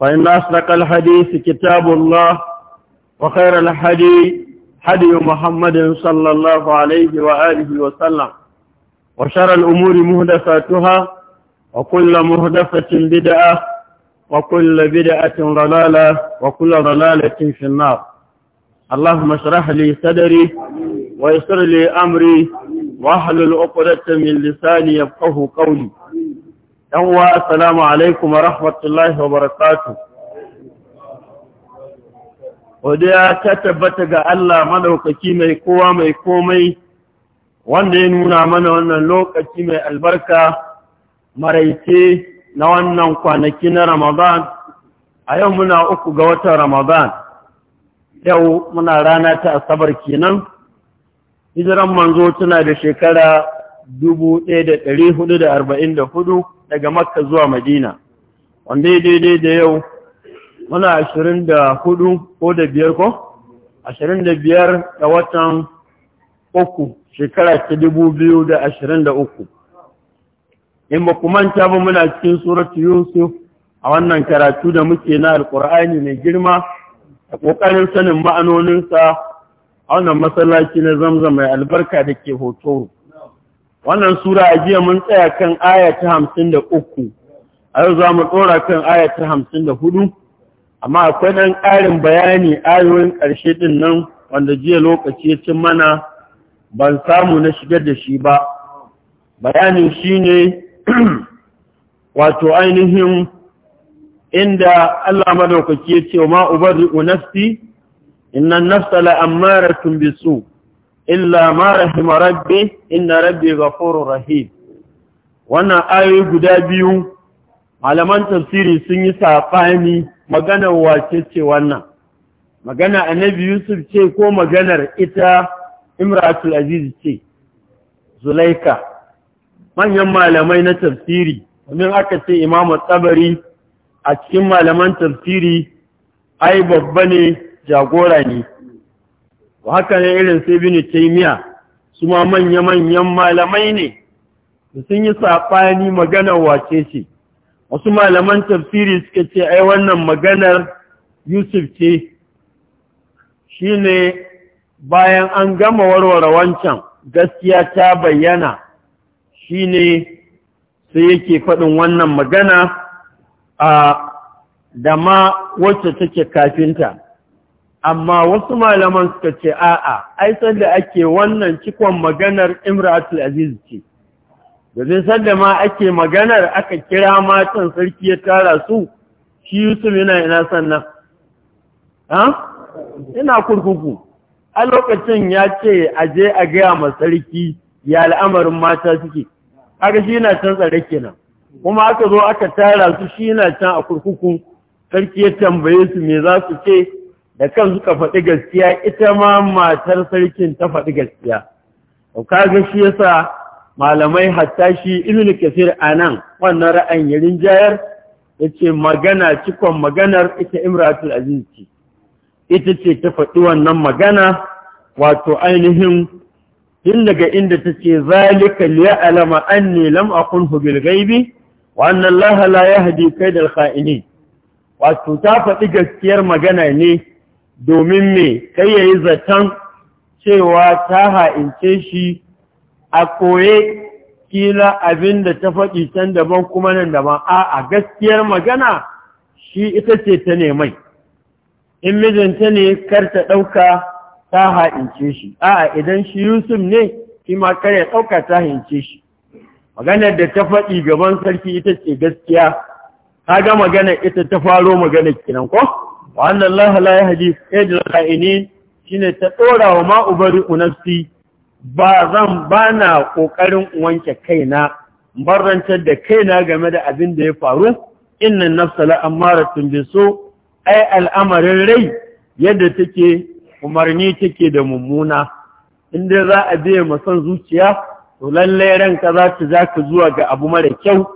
فإن أصدق الحديث كتاب الله وخير الحديث حدي محمد صلى الله عليه وآله وسلم وشر الأمور مهدفاتها وكل مهدفة بدعة وكل بدعة ضلالة وكل ضلالة في النار اللهم اشرح لي صدري ويسر لي أمري واحلل عقدة من لساني يفقه قولي uwa assalamu alaikum wa rahmatullahi wa barakatu wadda ta tabbata ga Allah maɗaukaki mai kowa mai komai wanda ya nuna mana wannan lokaci mai albarka maraice na wannan kwanaki na ramadan a yau muna uku ga watan ramadan yau muna rana ta asabar kenan hijiran manzo tana da shekara ɗari hudu. daga makka zuwa madina wanda ya daidai da yau muna ashirin da hudu ko da biyar ko ashirin da biyar da watan uku shekara ta dubu biyu da ashirin da uku in ba manta ba muna cikin suratu yusuf a wannan karatu da muke na alkur'ani mai girma a ƙoƙarin sanin ma'anoninsa a wannan masallaci na zamzam mai albarka da ke hoto wannan sura a jiya mun tsaya kan aya ta hamsin da uku a yau za mu tsora kan aya ta hamsin da hudu amma akwai ɗan ƙarin bayani ayoyin ƙarshe ɗin nan wanda jiya lokaci ya cin mana ban samu na shigar da shi ba bayanin shi ne wato ainihin inda Allah madaukaki ya ce wa ma ubarri'u nafsi innan nafsa la'ammaratun bisu illa ma rahima rabbi inna rabbi ghafurur rahim wannan ayoyi guda biyu malaman tafsiri sun yi safani magana wace ce wannan magana annabi yusuf ce ko maganar ita imratul aziz ce zulaika manyan malamai na tafsiri domin aka ce imamu tsabari a cikin malaman tafsiri ai babba ne jagora ne haka ne irin sai Bini taimiya su ma manya-manyan malamai ne sun yi saɓani maganar wace ce wasu malaman tafsiri suka ce ai wannan maganar yusuf ce shine bayan an gama warware wancan gaskiya ta bayyana shine sai yake faɗin wannan magana a dama wacce take kafinta amma wasu malaman suka ce a'a ai sanda ake wannan cikon maganar imratul aziz ce domin sanda ma ake maganar aka kira matan sarki ya tara su shi yusuf yana ina sannan ha ina kurkuku a lokacin ya ce a je a gaya ma sarki ya al'amarin mata suke aka shi yana can tsare kenan kuma aka zo aka tara su shi yana can a kurkuku sarki ya tambaye su me za su ce da kan suka faɗi gaskiya ita ma matar sarkin ta faɗi gaskiya to kaga shi yasa malamai hatta shi ibnu kasir anan wannan ra'ayin ya rinjayar yace magana cikon maganar ita imratul aziz ce ita ce ta faɗi wannan magana wato ainihin tun daga inda ta ce zalika liya'lama anni lam akunhu bil ghaibi wa anna Allah la yahdi kaidal kha'ini. wato ta faɗi gaskiyar magana ne domin me kai yayi zaton cewa ta ha'ince shi a koye kila abin da ta faɗi can daban kuma nan daban a a gaskiyar magana shi ita ce ta nemai in mijinta ne kar ta ɗauka ta ha'ince shi a idan shi yusuf ne shi ma kar ya ɗauka ta ha'ince shi maganar da ta faɗi gaban sarki ita ce gaskiya ta ga magana ita ta faro magana kinan ko wa anna Allah la yahdi kaydal shi shine ta ɗora wa ma ubari ba zan bana ƙoƙarin wanke kaina barantar da kaina game da abin da ya faru inna nafsa la amaratun so. ai al'amarin rai yadda take umarni take da mummuna inda za a biya masan zuciya to lallai ranka za ta za ka zuwa ga abu mara kyau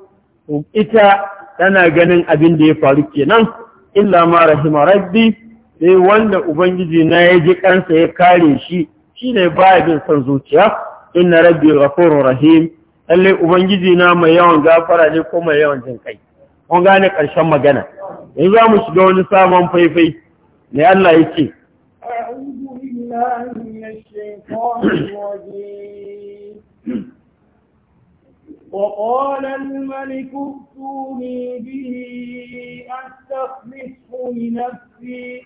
ita tana ganin abin da ya faru kenan illa ma rahima rabbi sai wanda ubangiji na ya ji kansa ya kare shi shine baya bin son zuciya inna rabbi ghafurur rahim alle ubangiji na mai yawan gafara ne ko mai yawan jin kai kun gane karshen magana yanzu za mu shiga wani sabon faifai ne Allah yake a'udhu وقال الملك ائتوني به أستخلصه لنفسي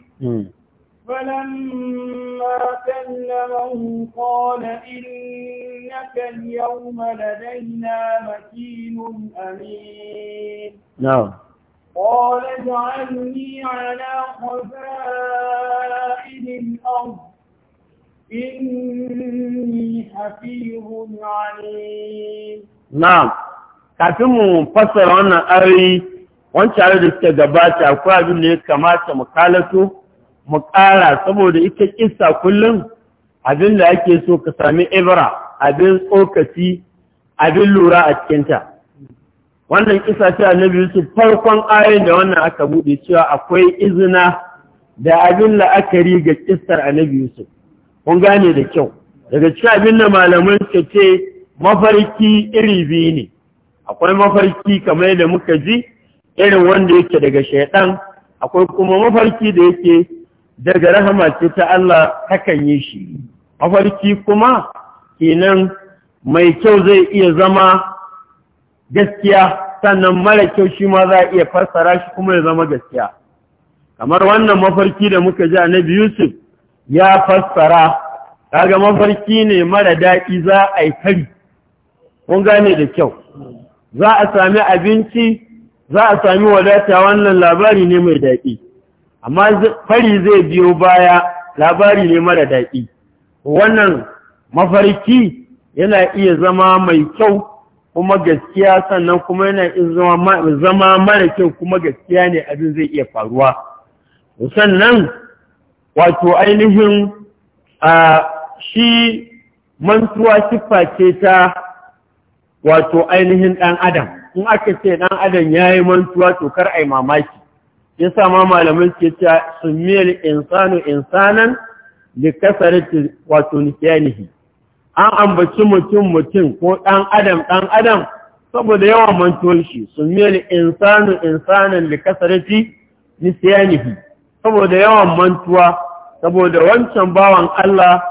فلما كلمه قال إنك اليوم لدينا مكين أمين نعم قال اجعلني على خزائن الأرض إني حفيظ عليم na'am kafin mu fassara wannan ayoyi wancan da suka gabata akwai abin da ya kamata mu kalato mu ƙara saboda ita kissa kullum abin da ake so ka sami ibra abin tsokaci abin lura a cikinta wannan kisa ce annabi Yusuf farkon ayoyin da wannan aka bude cewa akwai izina da abin la'akari ga kissar annabi Yusuf kun gane da kyau daga cikin abin da malamai suka ce mafarki iri biyu ne akwai mafarki kamar da muka ji irin wanda yake daga shaidan akwai kuma mafarki da yake daga rahama ce ta Allah hakan yi shi mafarki kuma kenan mai kyau zai iya zama gaskiya sannan mara kyau shi ma za a iya fassara shi kuma ya zama gaskiya kamar wannan mafarki da muka ji annabi Yusuf ya fassara kaga mafarki ne mara daɗi za a yi kari kun gane da kyau za a sami abinci za a sami wadata wannan labari ne mai daɗi amma fari zai biyo baya labari ne mara daɗi wannan mafarki yana iya zama mai kyau kuma gaskiya sannan kuma yana iya zama mara kyau kuma gaskiya ne abin zai iya faruwa sannan wato ainihin a shi mantuwa siffa ce ta wato ainihin ɗan adam in aka ce ɗan adam ya yi mantuwa to kar a yi mamaki ya sa ma malamin ke cewa sumiyar insanu insanan da kasarci wato nishiyanihi an ambaci mutum mutum ko ɗan adam ɗan adam saboda yawan mantuwar shi sumiyar insanu insanan da kasarci nishiyanihi saboda yawan mantuwa saboda wancan bawan Allah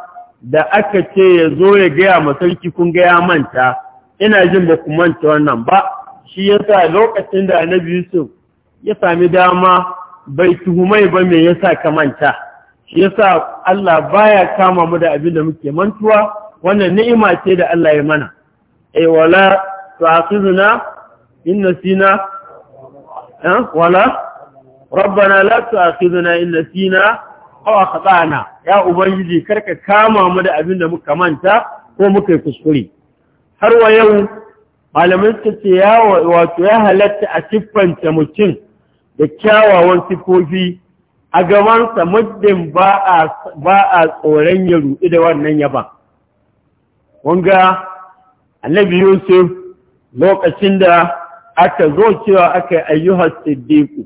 da aka ce ya zo ya gaya masarki kun gaya manta ina jin ba ku manta wannan ba shi yasa lokacin da annabi Yusuf ya sami dama bai tuhumai ba me yasa ka manta shi yasa Allah baya kama mu da abin da muke mantuwa wannan ni'ima ce da Allah ya mana eh wala tu'akhizna in nasina eh wala rabbana la tu'akhizna in nasina aw akhtana ya ubangiji karka kama mu da abin da muka manta ko muka yi kuskure har wa yau malamin ta ce ya wato ya halatta a siffanta mutum da kyawawan sifofi a gabansa muddin ba a tsoron ya ruɗi da wannan yaba wanga annabi yusuf lokacin da aka zo cewa aka yi ayyuhar siddiku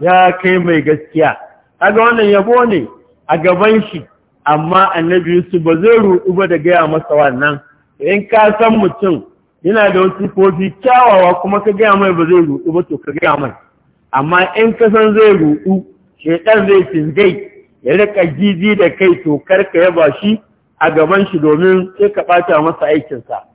ya kai mai gaskiya kaga wannan yabo ne a gaban shi amma annabi yusuf ba zai ruɗu ba da gaya masa wannan in ka san mutum yana da wasu kofi kyawawa kuma ka gaya mai ba zai ruɗu ba to ka gaya mai amma in ka san zai rudu shekar zai cingai ya rika gizi da kai to karka yaba shi a gaban shi domin sai ka ɓata masa aikinsa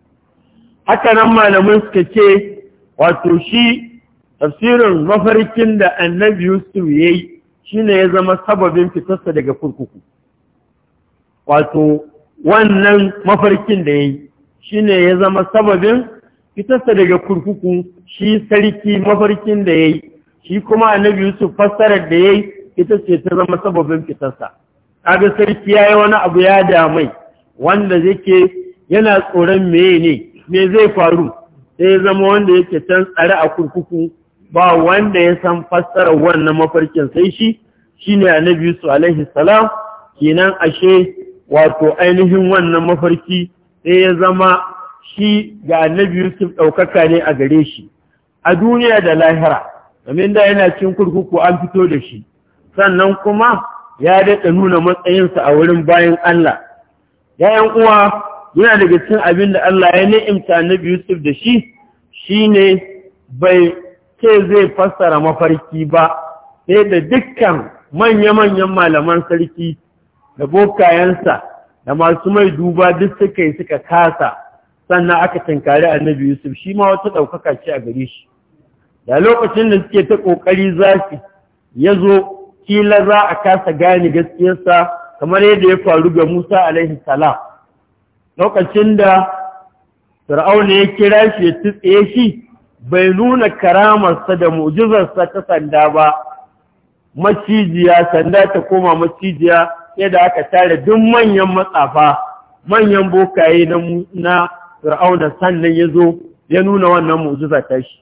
haka nan malamin suka ce wato shi tafsirin mafarkin da annabi yusuf ya yi shi ne ya zama sababin fitarsa daga kurkuku wato wannan mafarkin da ya yi Shi ne ya zama sababin fitarsa daga kurkuku shi sarki mafarkin da ya yi, shi kuma annabi Yusuf fassarar da yayi ita ce ta zama sababin fitarsa kaga sarki ya yi wani abu ya damai wanda yake yana tsoron meye ne me zai faru sai ya zama wanda yake can tsare a kurkuku ba wanda ya san fassarar wannan mafarkin sai shi shine annabi Yusuf alaihi salam kenan ashe wato ainihin wannan mafarki sai ya zama shi ga annabi Yusuf ɗaukaka ne a gare shi a duniya da lahira domin da yana cin kurkuku an fito da shi sannan kuma ya daɗa nuna matsayinsa a wurin bayan Allah yayan uwa yana daga cin abin da Allah ya na’imta annabi Yusuf da shi shi ne bai ce zai fassara mafarki ba sai da dukkan manya-manyan malaman sarki da bokayensa da masu mai duba duk suka yi suka kasa sannan aka tankari annabi yusuf shi ma wata ɗaukaka ce a gare shi da lokacin da suke ta ƙoƙari zafi ya zo kila za a kasa gane gaskiyarsa kamar yadda ya faru ga musa alaihi salam lokacin da fir'auna ya kira shi ya tutse shi bai nuna karamarsa da mu'jizarsa ta sanda ba macijiya sanda ta koma macijiya yadda aka tare duk manyan matsafa manyan bokaye na fir'auna sannan ya zo ya nuna wannan mu'jiza ta shi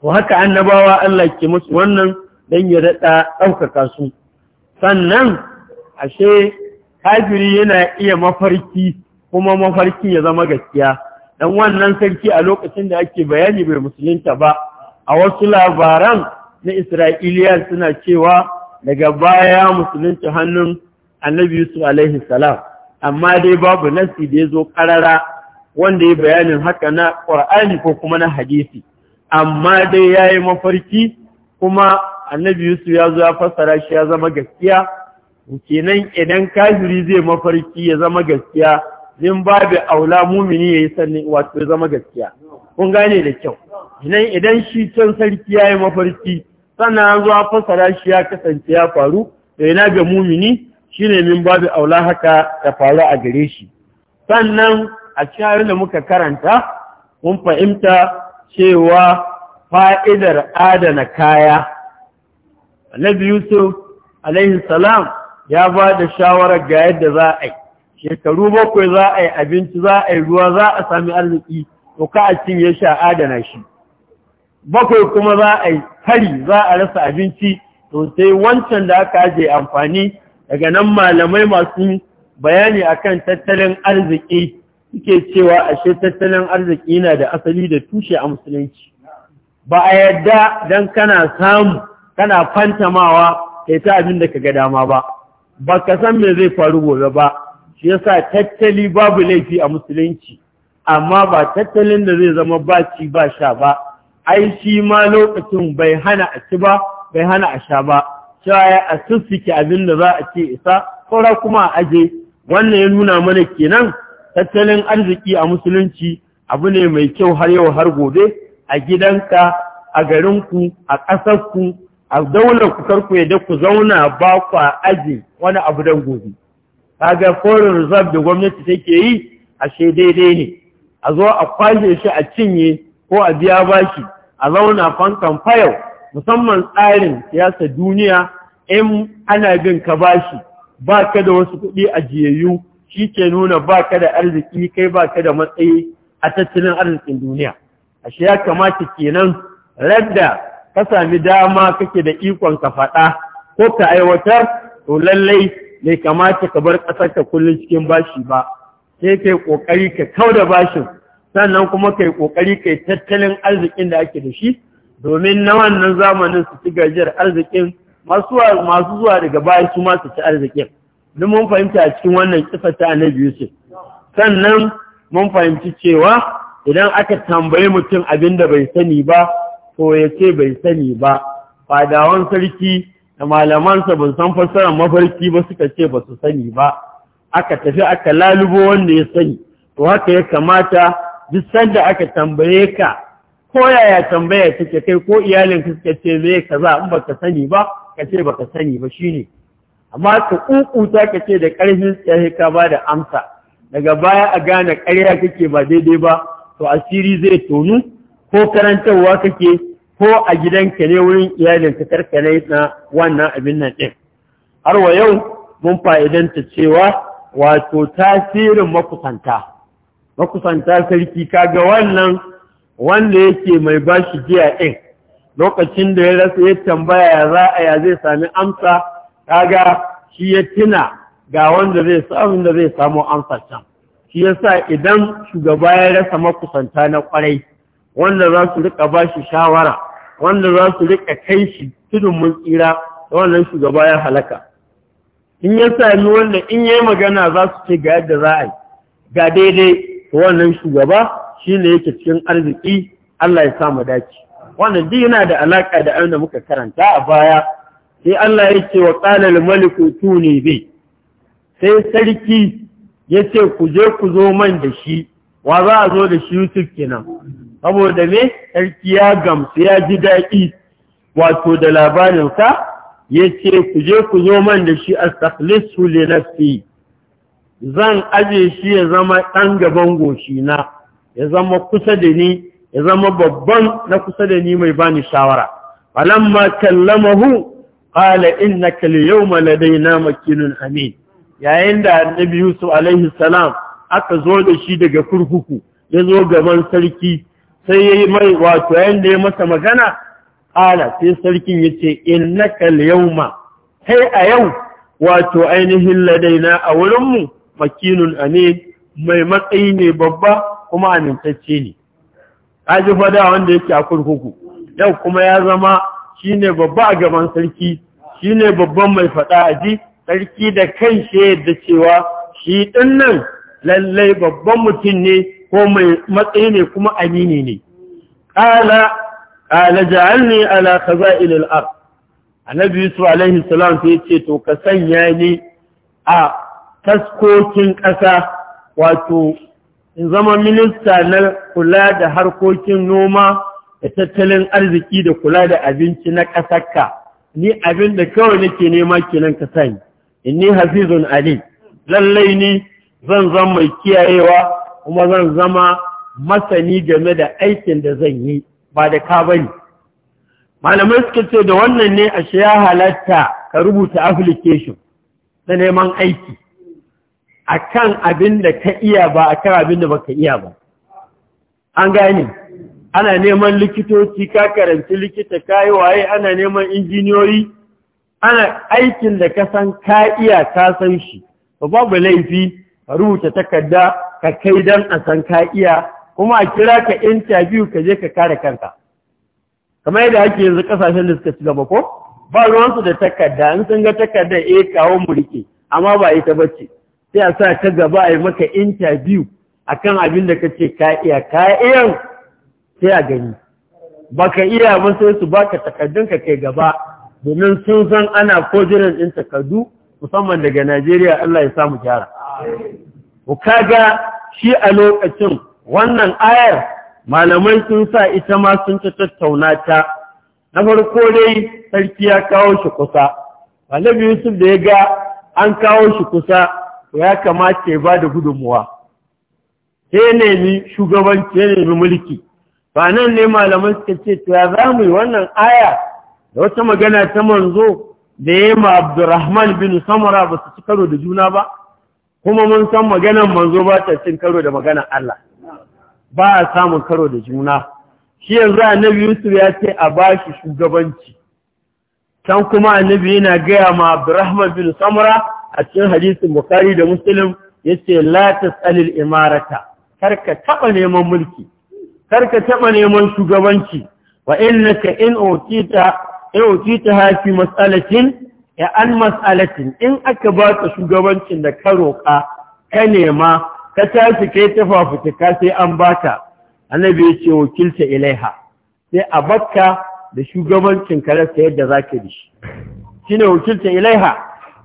to haka annabawa Allah ke musu wannan dan ya rada ɗaukaka su sannan ashe kafiri yana iya mafarki kuma mafarki ya zama gaskiya dan wannan sarki a lokacin da ake bayani bai musulunta ba a wasu labaran na Isra'iliya suna cewa daga baya musulunci hannun annabi Yusuf alaihi salam amma dai babu nasi da yazo karara wanda ya bayanin haka na ƙur'ani ko kuma na hadisi amma dai yayi yi mafarki kuma annabi Yusuf ya zo ya fassara shi ya zama gaskiya kenan idan kafiri zai mafarki ya zama gaskiya din babu aula mumini yayi yi sanni wato ya zama gaskiya kun gane da kyau idan idan shi can sarki yayi mafarki sannan an zo a fassara shi ya kasance ya faru da ina ga mumini Shi ne min babu aula haka ta faru a gare shi sannan a cikin da muka karanta mun fahimta cewa fa'idar adana kaya alabi yusuf alaihi salam ya ba da shawarar ga yadda za a yi shekaru bakwai za a yi abinci za a yi ruwa za a sami arziki to ka a cin ya sha adana shi bakwai kuma za a yi hari za a rasa abinci to sai wancan da aka ajiye amfani daga nan malamai masu bayani akan tattalin arziki suke cewa ashe tattalin arziki yana da asali da tushe a musulunci ba a yadda don kana samu kana fantamawa kai ta abin da ka ga dama ba ba ka san me zai faru gobe ba shi yasa tattali babu laifi a musulunci amma ba tattalin da zai zama ba ci ba sha ba ai shi ma lokacin bai hana a ci ba bai hana a sha ba cewa a sussuke abin da za a ce isa saura kuma a aje wannan ya nuna mana kenan tattalin arziki a musulunci abu ne mai kyau har yau har gobe a gidanka a garinku a ƙasarku a daular ku karku yadda ku zauna ba ku aje wani abu don gobe kaga foreign reserve da gwamnati take yi ashe daidai ne a zo a kwashe shi a cinye ko a biya bashi a zauna fankan fayau musamman tsarin siyasa duniya in ana bin ka bashi ba ka da wasu kuɗi ajiyayyu shi ke nuna ba ka da arziki kai ba ka da matsayi a tattalin arzikin duniya ashe ya kamata kenan radda ka sami dama kake da ikon ka faɗa ko ka aiwatar to lallai mai kamata ka bar ƙasar ka kullum cikin bashi ba sai kai ƙoƙari ka kau da bashin sannan kuma kai ƙoƙari kai tattalin arzikin da ake da shi domin na wannan zamanin su ci gajiyar arzikin masu zuwa daga baya su masu ci arzikin duk mun fahimta a cikin wannan kifata na biyu ce. sannan mun fahimci cewa idan aka tambayi mutum abin da bai sani ba to ya ce bai sani ba fadawan sarki da malamansa ban san fassarar mafarki ba suka ce ba su sani ba aka tafi aka lalubo wanda ya sani to haka ya kamata duk sanda aka tambaye ka ko yaya tambaya take kai ko iyalin ka suka ce me kaza in baka sani ba ka ce baka sani ba shine amma ka kukuta ka ce da karfin tsaye ka ba da amsa daga baya a gane ƙarya kake ba daidai ba to asiri zai tonu ko karantarwa kake ko a gidanka ne wurin iyalin ka karkane na wannan abin nan ɗin har wa yau mun fa'idanta cewa wato tasirin makusanta makusanta sarki kaga wannan wanda yake mai bashi jiya ɗin lokacin da ya rasa ya tambaya ya za a ya zai sami amsa kaga shi ya tuna ga wanda zai samu da zai samu amsa can shi ya sa idan shugaba ya rasa makusanta na kwarai wanda za su rika bashi shawara wanda za su rika kai shi tudun mun tsira wannan shugaba ya halaka in ya sami wanda in yi magana za su ce ga yadda za a yi ga daidai wannan shugaba shi ne yake cikin arziki Allah ya samu dace wannan duk yana da alaƙa da abin da muka karanta a baya sai Allah ya ce wa qala al maliku tuni bi sai sarki ya ce ku je ku zo man da shi wa za a zo da shi Yusuf kenan saboda me sarki ya gamsu ya ji daɗi wato da labarinsa ya ce ku je ku zo man da shi astakhlisu li nafsi zan aje shi ya zama ɗan gaban goshina ya zama kusa da ni ya zama babban na kusa da ni mai bani shawara falamma kallamahu qala innaka al-yawma ladaina makinun amin yayin da annabi yusuf alaihi salam aka zo da shi daga kurkuku ya zo gaban sarki sai yayi mai wato yayin da ya masa magana qala sai sarkin yace innaka al-yawma sai a yau wato ainihin ladaina a wurinmu makinun amin mai matsayi ne babba kuma amintacce ne kaji fada wanda yake a kurkuku yau kuma ya zama shi ne babba a gaban sarki Shi ne babban mai fada ji. sarki da kan shi yadda cewa shi ɗin nan lallai babban mutum ne ko mai matsayi ne kuma amini ne Ƙala ƙala qala ne ala khaza'il al annabi yusuf alaihi salam sai ce to ka sanya ni a taskokin ƙasa wato in zama minista na kula da harkokin noma da tattalin arziki da kula da abinci na ƙasarka ni abin da kawai nake nema kenan ka sani ni hafizun ali lallai ni zan zama mai kiyayewa kuma zan zama masani game da aikin da zan yi ba da ka bani malamai suka ce da wannan ne a ya halatta ka rubuta application na neman aiki akan abin da ka iya ba a kan abin da baka iya ba an gane ana neman likitoci ka karanci likita kayi waye ana neman injiniyoyi ana aikin da ka san ka iya ka san shi babu laifi a rubuta takarda ka kai dan a san ka iya kuma a kira ka 'yan interview ka je ka kare kanka kamar yadda ake yanzu kasashen da suka ci gaba ko ba ruwansu da takarda in sun ga takarda, eh kawo mu rike amma ba ita bace sai a sa ka gaba a yi maka a kan abin da kace ka iya ka iya sai a gani baka iya ba sai su baka takardun ka kai gaba domin sun san ana ko jiran ɗin takardu musamman daga Najeriya Allah ya samu gyara ku kaga shi a lokacin wannan ayar malamai sun sa ita ma sun ta tattauna ta na farko dai sarki ya kawo shi kusa biyu Yusuf da ya ga an kawo shi kusa to ya kamata ya ba da gudunmuwa ya nemi shugabanci ya nemi mulki ba nan ne malaman suka ce ta za mu yi wannan aya da wata magana ta manzo da ya ma abdurrahman bin samara ba su ci karo da juna ba kuma mun san maganan manzo ba ta cin karo da maganan Allah ba a samun karo da juna shi yanzu annabi yusuf ya ce a ba shi shugabanci can kuma annabi yana gaya ma abdurrahman bin samara a cikin hadisin Bukhari da Muslim yace la tasalil imarata karka taba neman mulki karka taba neman shugabanci wa innaka in utita in utita hafi mas'alatin ya an mas'alatin in aka baka shugabancin da ka roka ka nema ka tafi kai ka sai an baka annabi yace wakilta ilaiha sai a bakka da shugabancin rasa yadda zaka dishi shine wakilta ilaiha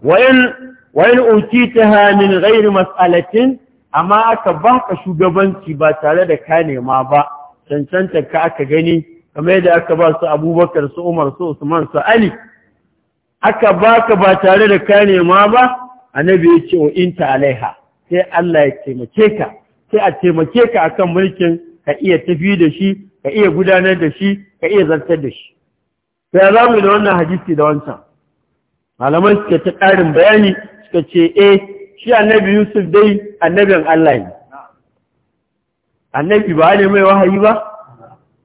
wa in Wani uti ta hannun ghairi matsalatin amma aka baka shugabanci ba tare da ka nema ba cancanta ka aka gani kamar yadda aka ba su Abubakar su Umar su Usman su Ali aka baka ba tare da ka nema ba annabi ya ce wa in ta alaiha sai Allah ya taimake ka sai a taimake ka akan mulkin ka iya tafi da shi ka iya gudanar da shi ka iya zartar da shi sai za da wannan hadisi da wancan malaman suke ta ƙarin bayani suka ce eh shi annabi yusuf dai annabin Allah ne annabi ba ne mai wahayi ba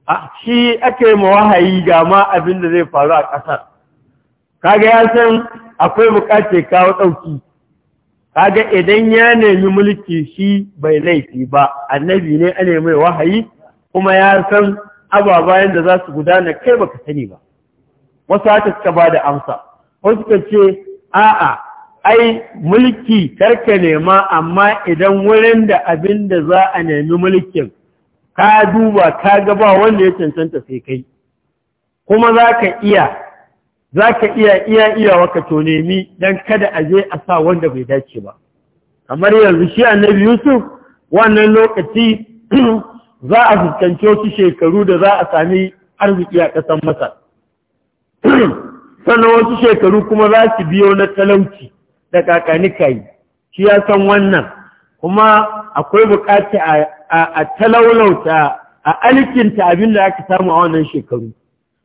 a shi aka yi ma wahayi ga ma abin da zai faru a ƙasar kaga ya san akwai bukatar kawo ɗauki kaga idan ya nemi mulki shi bai laifi ba annabi ne ne mai wahayi kuma ya san ababayen da za su gudana kai baka sani ba wasu haka suka ba da amsa wasu suka ce a'a ai mulki karka nema amma idan wurin da abin da za a nemi mulkin ka duba ka gaba wanda ya cancanta sai kai kuma za ka iya za ka iya iya iya waka to nemi don kada a je a sa wanda bai dace ba kamar yanzu shi annabi yusuf wannan lokaci za a fuskanci wasu shekaru da za a sami arziki a ƙasar masar sannan wasu shekaru kuma za su biyo na talauci da kakanika kai shi ya san wannan kuma akwai bukaci a talaulauta a alkinta abin da aka samu a wannan shekaru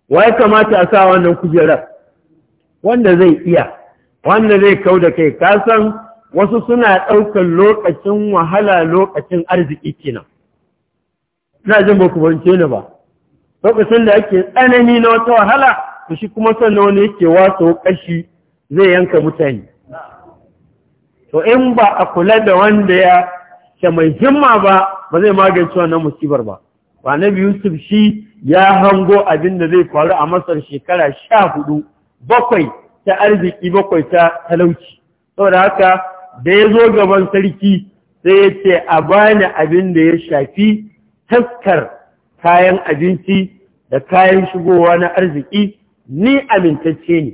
wa ya kamata a sa wannan kujerar wanda zai iya wanda zai kau da kai kasan wasu suna ɗaukar lokacin wahala lokacin arziki kenan na jin ba ku bance ni ba lokacin da ake tsanani na wata wahala ku shi kuma sannan wani yake wasu kashi zai yanka mutane to in ba a kula da wanda ya ke mai himma ba ba zai magance wannan musibar ba ba na yusuf shi ya hango abin da zai faru a masar shekara sha hudu bakwai ta arziki bakwai ta talauci saboda haka da ya zo gaban sarki sai ya ce a bani abin da ya shafi taskar kayan abinci da kayan shigowa na arziki ni amintacce ne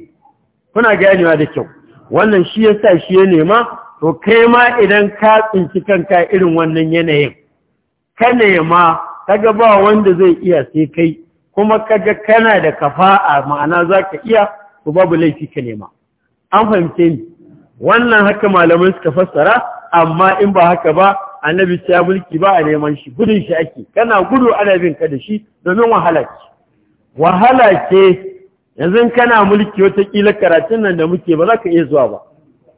kuna ganewa da kyau wannan shi ya sa shi ya nema to kai ma idan ka tsinci kanka irin wannan yanayin ka nema kaga ba wanda zai iya sai kai kuma kaga kana da kafa a ma'ana zaka iya to babu laifi ka nema an fahimce ni wannan haka malamai suka fassara amma in ba haka ba annabi ya mulki ba a neman shi gudun shi ake kana gudu ana bin ka da shi domin wahala ce wahala ce yanzu kana mulki wata kila karatun nan da muke ba za ka iya zuwa ba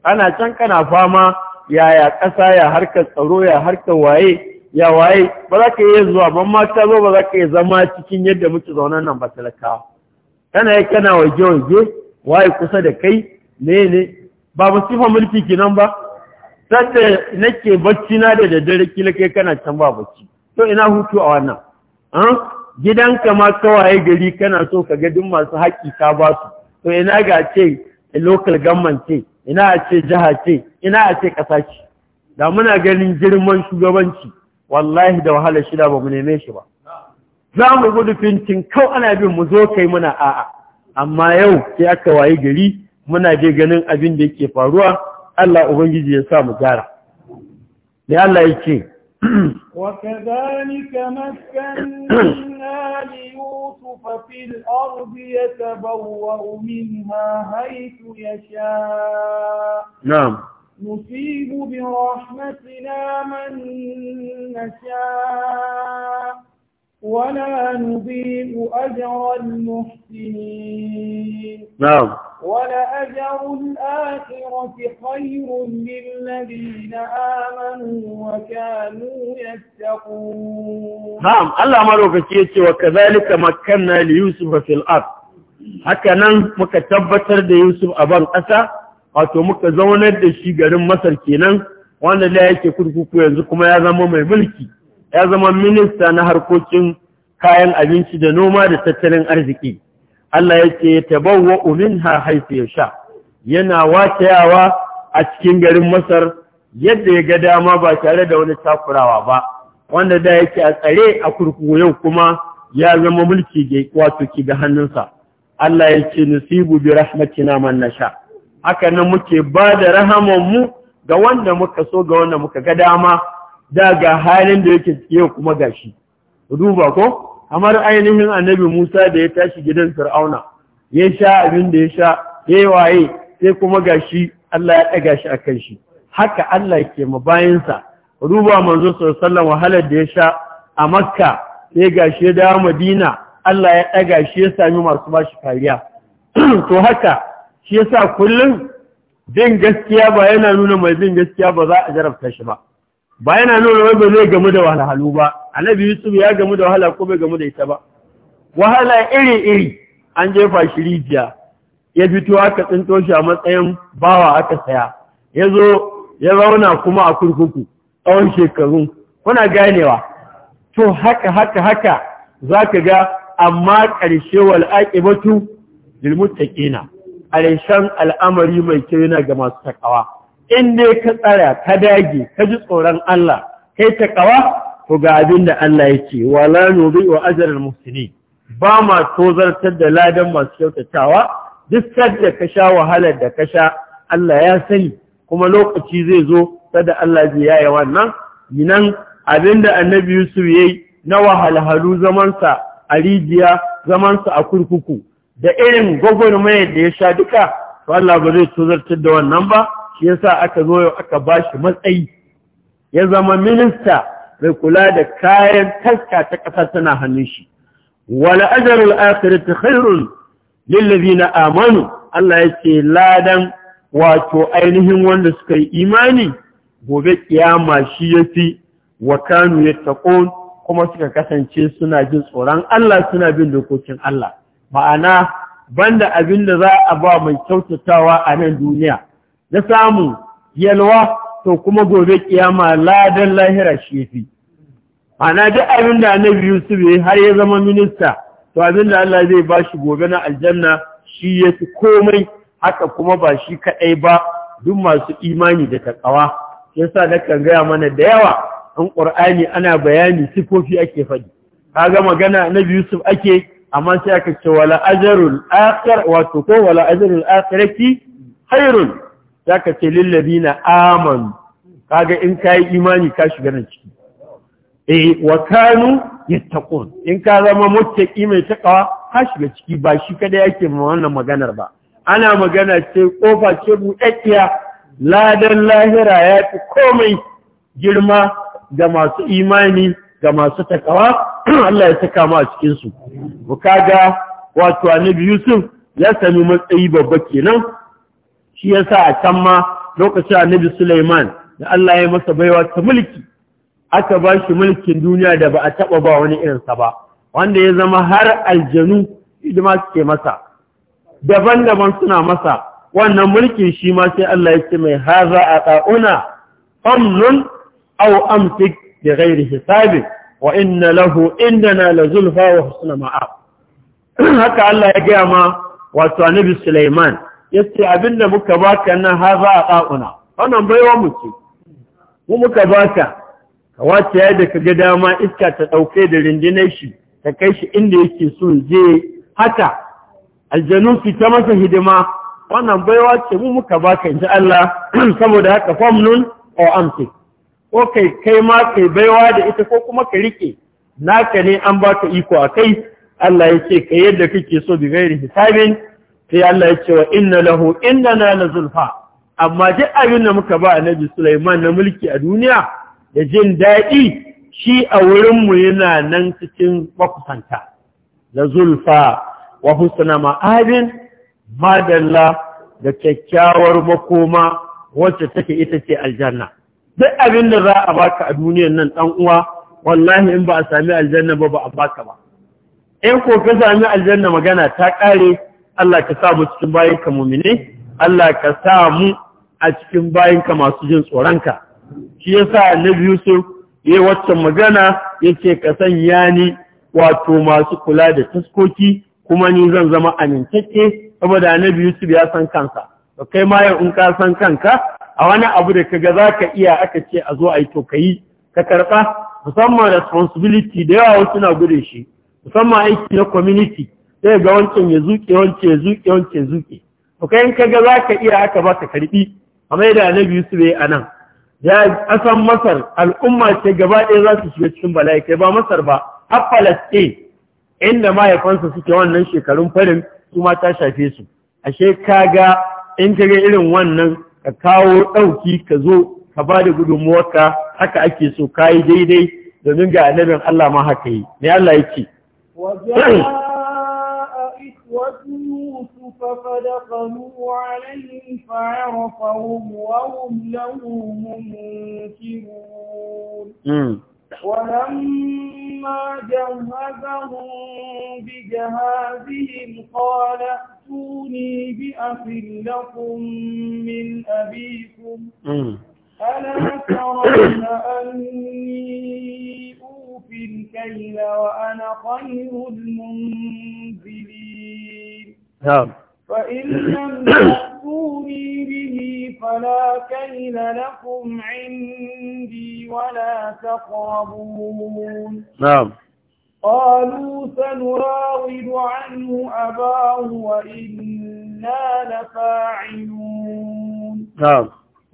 ana can kana fama yaya ƙasa ya harkar tsaro ya harkar waye ya waye ba za ka iya zuwa ban ta zo ba za ka iya zama cikin yadda muke zaunan nan ba talakawa kana yi kana waje waje waye kusa da kai ne ne ba sifa mulki kinan ba da nake bacci na da daddare kila kai kana can ba bacci to ina hutu a wannan gidanka ma kawaye gari kana so ka ga duk masu haƙƙi ka ba su to ina ga ce local government ce ina a ce jiha ce ina a ce ƙasa ce da muna ganin girman shugabanci wallahi da wahala shida ba mu neme shi ba za mu gudu fintin kau ana bin mu zo kai muna a'a amma yau sai aka waye gari muna je ganin abin da yake faruwa Allah ubangiji ya sa mu gyara ne Allah yake وكذلك مكنا ليوسف في الأرض يتبوأ منها حيث يشاء نعم نصيب برحمتنا من نشاء ولا نضيء أجر المحسنين نعم ولأجر الآخرة خير للذين آمنوا وكانوا يتقون نعم الله مالوك كيتي وكذلك مكنا ليوسف في الأرض hakanan muka tabbatar da Yusuf a ban ƙasa wato muka zaunar da shi garin Masar kenan wanda da yake kurkuku yanzu kuma ya zama mai mulki ya zama minista na harkokin kayan abinci da noma da tattalin arziki Allah ya ce Umin ha haifu ya sha yana wasayawa a cikin garin Masar yadda ya ga dama ba tare da wani takurawa ba wanda da yake a tsare a kurkuku yau kuma ya zama mulki ga wato ki ga hannunsa Allah ya ce nusibu bi rahmatina man nasha haka nan muke ba da rahaman mu ga wanda muka so ga wanda muka ga dama da ga halin da yake yau kuma gashi duba ko kamar ainihin annabi Musa da ya tashi gidan Fir'auna ya sha abin da ya sha yayi waye sai kuma gashi Allah ya daga shi akan shi haka Allah ke mabayinsa duba manzo sallallahu alaihi wahalar da ya sha a Makka sai gashi ya Madina Allah ya daga shi ya sami masu bashi kariya to haka shi yasa kullum bin gaskiya ba yana nuna mai bin gaskiya ba za a jarabta shi ba ba yana nuna wai zai gamu da wahalhalu ba annabi yusuf ya gamu da wahala ko bai gamu da ita ba wahala iri-iri an jefa shi rijiya ya fito aka tsinto shi a matsayin bawa aka saya ya zo ya zauna kuma a kurkuku tsawon shekaru kuna ganewa to haka haka haka za ka ga amma ƙarshe wal aƙibatu lil Ƙarshen al'amari mai kyau yana ga masu takawa in dai ka tsara, ka dage ka ji tsoron Allah kai ta kawa ku ga abin da Allah yake wala nubi wa ajrul muhsini ba ma tozartar da ladan masu kyautatawa duk sadda ka sha wahalar da ka sha Allah ya sani kuma lokaci zai zo sada Allah zai yaya wannan abin abinda annabi Yusuf yayi na wahalhalu zamansa a rijiya zamansa a kurkuku da irin gwagwarmayar da ya sha duka to Allah ba zai tozartar da wannan ba shi yasa aka zo yau aka ba shi matsayi ya zama minista mai kula da kayan taska ta ƙasa tana hannun shi wala ajrul ta khairun lil na amanu Allah yace ladan wato ainihin wanda suka yi imani gobe kiyama shi yafi wa kanu yattaqun kuma suka kasance suna jin tsoron Allah suna bin dokokin Allah ma'ana banda abin da za a ba mai kyautatawa a nan duniya na samu yalwa to kuma gobe kiyama ladan lahira shi yafi ana duk abin da annabi Yusuf yayi har ya zama minista to abin da Allah zai bashi gobe na aljanna shi yafi komai haka kuma ba shi kadai ba duk masu imani da ta takawa yasa da kan gaya mana da yawa an ƙur'ani ana bayani sifofi ake faɗi kaga magana annabi Yusuf ake amma sai aka ce wala ajrul akhir wato tu wala ajrul akhirati khairun za ka ce lillabi na aman kaga in ka yi imani ka shiga nan ciki eh wa kanu yattaqun in ka zama muttaqi mai takawa ka shiga ciki ba shi kada yake ma wannan maganar ba ana magana ce ƙofa ce buɗaɗɗiya ladan lahira ya fi komai girma ga masu imani ga masu takawa Allah ya saka mu a cikin su kaga wato annabi Yusuf ya sami matsayi babba kenan shi ya sa a can ma lokacin annabi Sulaiman da Allah ya masa baiwa ta mulki aka ba shi mulkin duniya da ba a taɓa ba wani irinsa ba wanda ya zama har aljanu hidima suke masa daban-daban suna masa wannan mulkin shi ma sai Allah ya ce mai haza a ƙa'una famnun au amsik da gairi hisabin wa inna lahu indana la zulfa wa husna ma'a haka Allah ya gaya ma wato annabi Sulaiman yace da muka baka nan za a ƙa'una wannan baiwa mu ce mu muka baka ka wace ya da ka ga dama iska ta ɗauke da rindinar shi ta kai shi inda yake so je haka aljanu fita masa hidima wannan baiwa ce mu muka baka inji Allah saboda haka famnun o amsi ko kai kai ma kai baiwa da ita ko kuma ka rike naka ne an baka iko a kai Allah ya ce ka yadda kake so bi gairi hisabin sai Allah ya ce wa inna lahu na la zulfa amma duk abin da muka ba annabi Sulaiman na mulki a duniya da jin daɗi shi a wurin mu yana nan cikin makusanta la zulfa wa husna ma'abin madalla da kyakkyawar makoma wacce take ita ce aljanna duk abin da za a baka a duniyar nan dan uwa wallahi in ba a sami aljanna ba ba a baka ba in ko ka sami aljanna magana ta kare Allah ka samu cikin bayanka mumine Allah ka sa mu a cikin bayanka masu jin tsoronka shi ya yasa annabi Yusuf yi waccan magana ya ce ka sanya ni wato masu kula da taskoki kuma ni zan zama amintacce saboda annabi Yusuf ya san kansa to kai ma yau in ka san kanka a wani abu da kaga ka iya aka ce a zo a yi to ka yi ka karɓa. musamman responsibility da yawa wasu na gudun shi musamman aiki na community Zai ga wancan ya zuke wancan ya zuke wancan ya zuke to kai in kaga za ka iya haka ba ka karbi amma yadda su bai yayi anan ya asan Masar al'umma ce gaba ɗaya za su shiga cikin bala'i ba Masar ba har falasɗe inda mahaifansa suke wannan shekarun farin su ma ta shafe su ashe ka ga, in kaga irin wannan ka kawo ɗauki ka zo ka ba da gudunmuwarka haka ake so ka yi daidai domin ga annabin Allah ma haka yi me Allah إخوة يوسف فدخلوا عليه فعرفهم وهم له منكرون ولما جهزهم بجهازهم قال ائتوني بأخ لكم من أبيكم ألا ترون أني أوفي الكيل وأنا خير المنزلين نعم فإن لم تأتوني به فلا كيل لكم عندي ولا تقربون نعم قالوا سنراود عنه أباه وإنا لفاعلون نعم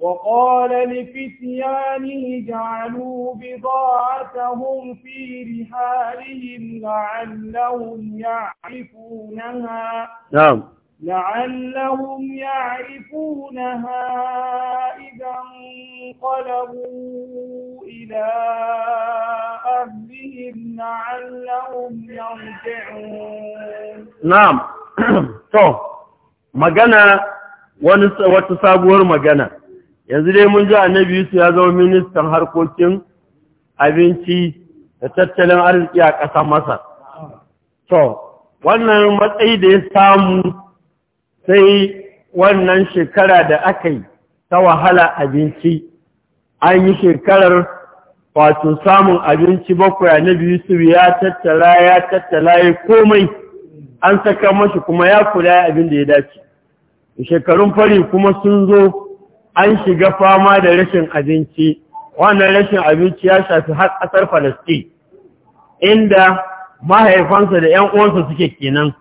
وقال لفتيانه جعلوا بضاعتهم في رحالهم لعلهم يعرفونها نعم لعلهم يعرفونها إذا انقلبوا إلى أهلهم لعلهم يرجعون نعم تو طيب. مجانا ونس wata sabuwar yanzu dai mun ji annabi Yusuf ya zama ministan harkokin abinci da tattalin arziki a ƙasar Masar to wannan matsayi da ya samu sai wannan shekara da aka yi ta wahala abinci an yi shekarar wato samun abinci bakwai annabi Yusuf ya tattara ya tattara ya komai an saka mashi kuma ya kula abin da ya dace shekarun fari kuma sun zo an shiga fama da rashin abinci wannan rashin abinci ya shafi har ƙasar falastin inda mahaifansa da ‘yan uwansa suke kenan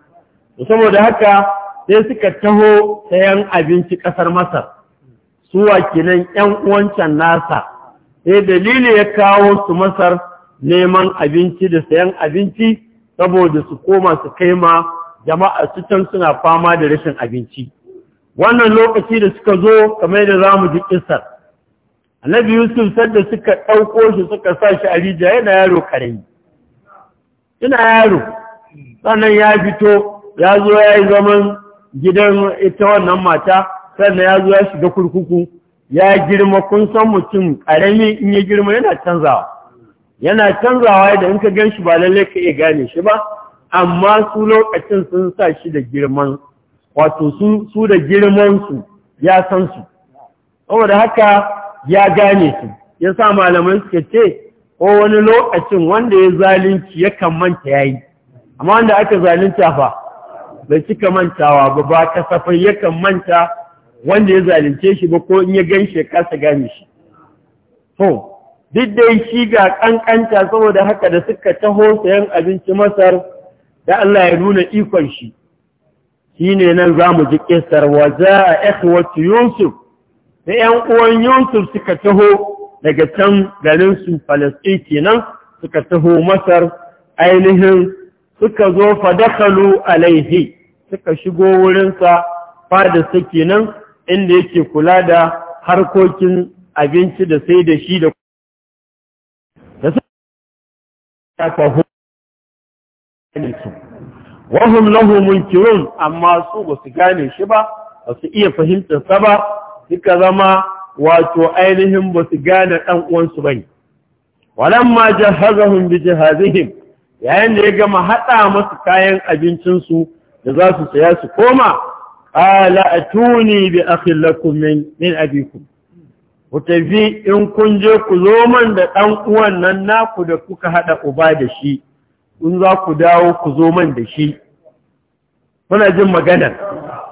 saboda haka sai suka taho sayan abinci ƙasar masar suwa kenan ‘yan uwancan nasa sai dalili ya kawo su masar neman abinci da sayan abinci saboda su koma su kai ma jama'a su can suna fama da rashin abinci wannan lokaci da suka zo kamar da za mu ji kisar annabi yusuf sadda suka ɗauko shi suka sa shi a rijiya yana yaro ƙarami ina yaro sannan ya fito ya zo ya yi zaman gidan ita wannan mata sannan ya zo ya shiga kurkuku ya girma kun san mutum karami in ya girma yana canzawa yana canzawa idan in ka gan shi ba lallai ka iya gane shi ba amma su lokacin sun sa shi da girman wato su da girmansu ya san su saboda haka ya gane su ya sa malamai suka ce ko wani lokacin wanda ya zalunci ya kan manta ya yi amma wanda aka zalunta fa bai cika mantawa ba ba kasafai ya kan manta wanda ya zalunce shi ba ko in ya gan shi kasa gane shi to duk da shi ga ƙanƙanta saboda haka da suka taho sayan abinci masar da Allah ya nuna ikon shi shi ne nan za mu ji ƙisar wa za a ikhwatu yusuf da ‘yan uwan yusuf suka taho daga can garinsu falastin kenan suka taho masar ainihin suka zo fadakalu alaihi suka shigo wurinsa fadarsa kenan inda yake kula da harkokin abinci da sai da shi da da su wahum lahu munkirun amma su ba gane shi ba ba iya fahimtar sa ba suka zama wato ainihin ba gane ɗan uwansu ba ne walamma jahazahum bi yayin da ya gama haɗa masu kayan abincinsu da za su saya su koma ala atuni bi akhin min min abikum ku tafi in kun je ku zo man da ɗan'uwan uwan nan naku da kuka haɗa uba da shi in za ku dawo ku zo man da shi suna jin magana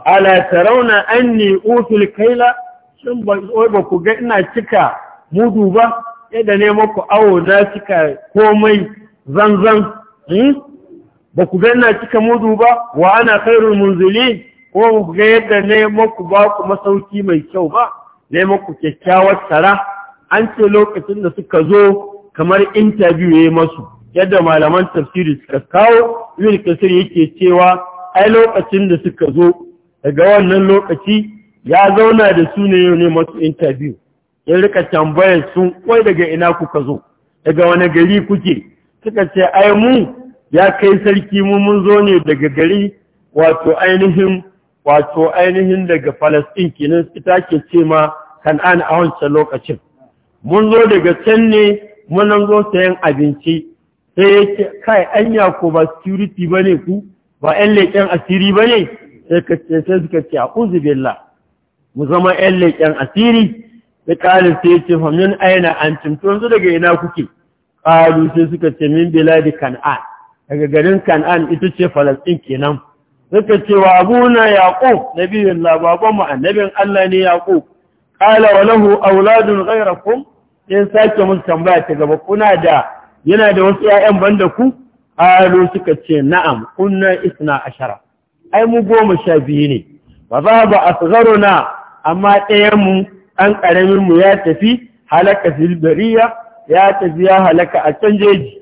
ala tarauna anni utul kaila shin ba ku ga ina cika mudu ba yadda ne maku awo na cika komai zanzan hmm? ba ku ga ina cika mudu ba wa ana kairun munzili ko ku ga yadda ne maku ba ku masauki mai kyau ba ne maku kyakkyawar tara an ce lokacin da suka zo kamar intabi'u ya masu yadda malaman tafsiri suka kawo yin kasir yake cewa ai lokacin da suka zo daga wannan lokaci ya zauna da su ne yau ne masu interview ya rika tambayar sun kwai daga ina kuka zo daga wani gari kuke suka ce ai mu ya kai sarki mu mun zo ne daga gari wato ainihin wato ainihin daga Falastin kenan ita ke ce ma Kan'an a wancan lokacin mun zo daga can ne munan zo sayan abinci sai ya ce kai anya ko ba security bane ku ba ‘yan leƙen asiri ba ne sai suka ce a uzubillah mu zama ‘yan leƙen asiri da ƙalin sai ce famin aina an cimto su daga ina kuke ƙalu sai suka ce min biladi kan'an daga garin kan'an ita ce falasɗin kenan suka ce wa abu na yaƙo na biyun lababan mu annabin allah ne yaƙo ƙala wa lahu auladun ghairakum sai sake musu tambaya ta gaba kuna da yana da wasu 'ya'yan banda ku Ƙalu suka ce, Na'am, kunna isna ashara, ai mu goma sha biyu ne, ba za ba a tsaro na, amma ɗayanmu ɗan ƙaraminmu ya tafi halaka zilbariya, ya tafi ya halaka a can jeji.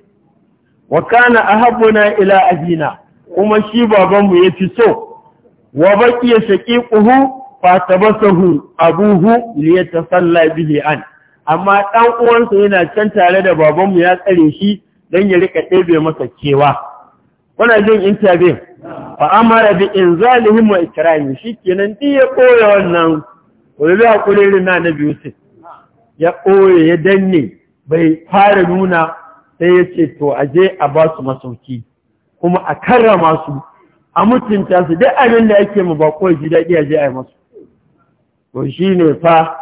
Wa kana a haɓuna ila abina, kuma shi babanmu ya fi so, wa baƙi ya shaƙi ƙuhu, fatabasahu abuhu liyata sallah bihi an. Amma ɗan uwansa yana can tare da babanmu ya tsare shi, don ya rika ɗebe masa kewa kuna jin intabin fa amara bi zalihin wa Shi kenan ɗi ya ɓoye wannan wani hakuri na biyu Yusuf ya ɓoye ya danne bai fara nuna sai ya ce to a je a ba su masauki kuma a karrama su a mutunta su duk abin da yake mu ba ko ji daɗi je a yi masu to shi ne fa